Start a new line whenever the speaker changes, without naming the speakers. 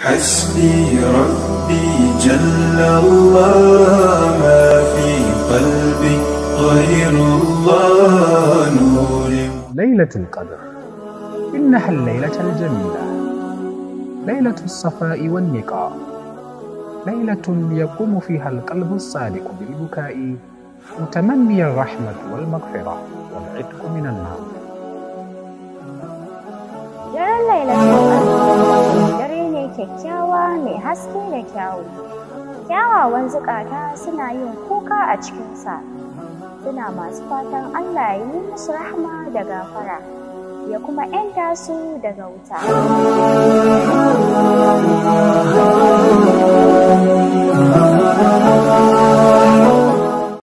حسبي ربي جل الله ما في قلبي غير الله نور
ليلة القدر إنها الليلة الجميلة ليلة الصفاء والنقاء ليلة يقوم فيها القلب الصادق بالبكاء متمني الرحمة والمغفرة والعتق من النار
kyakkyawa mai haske da kyawu kyawawan zukata suna yin kuka a cikinsa suna masu fatan allah ya yi musu rahama da gafara ya kuma 'yanta su daga wuta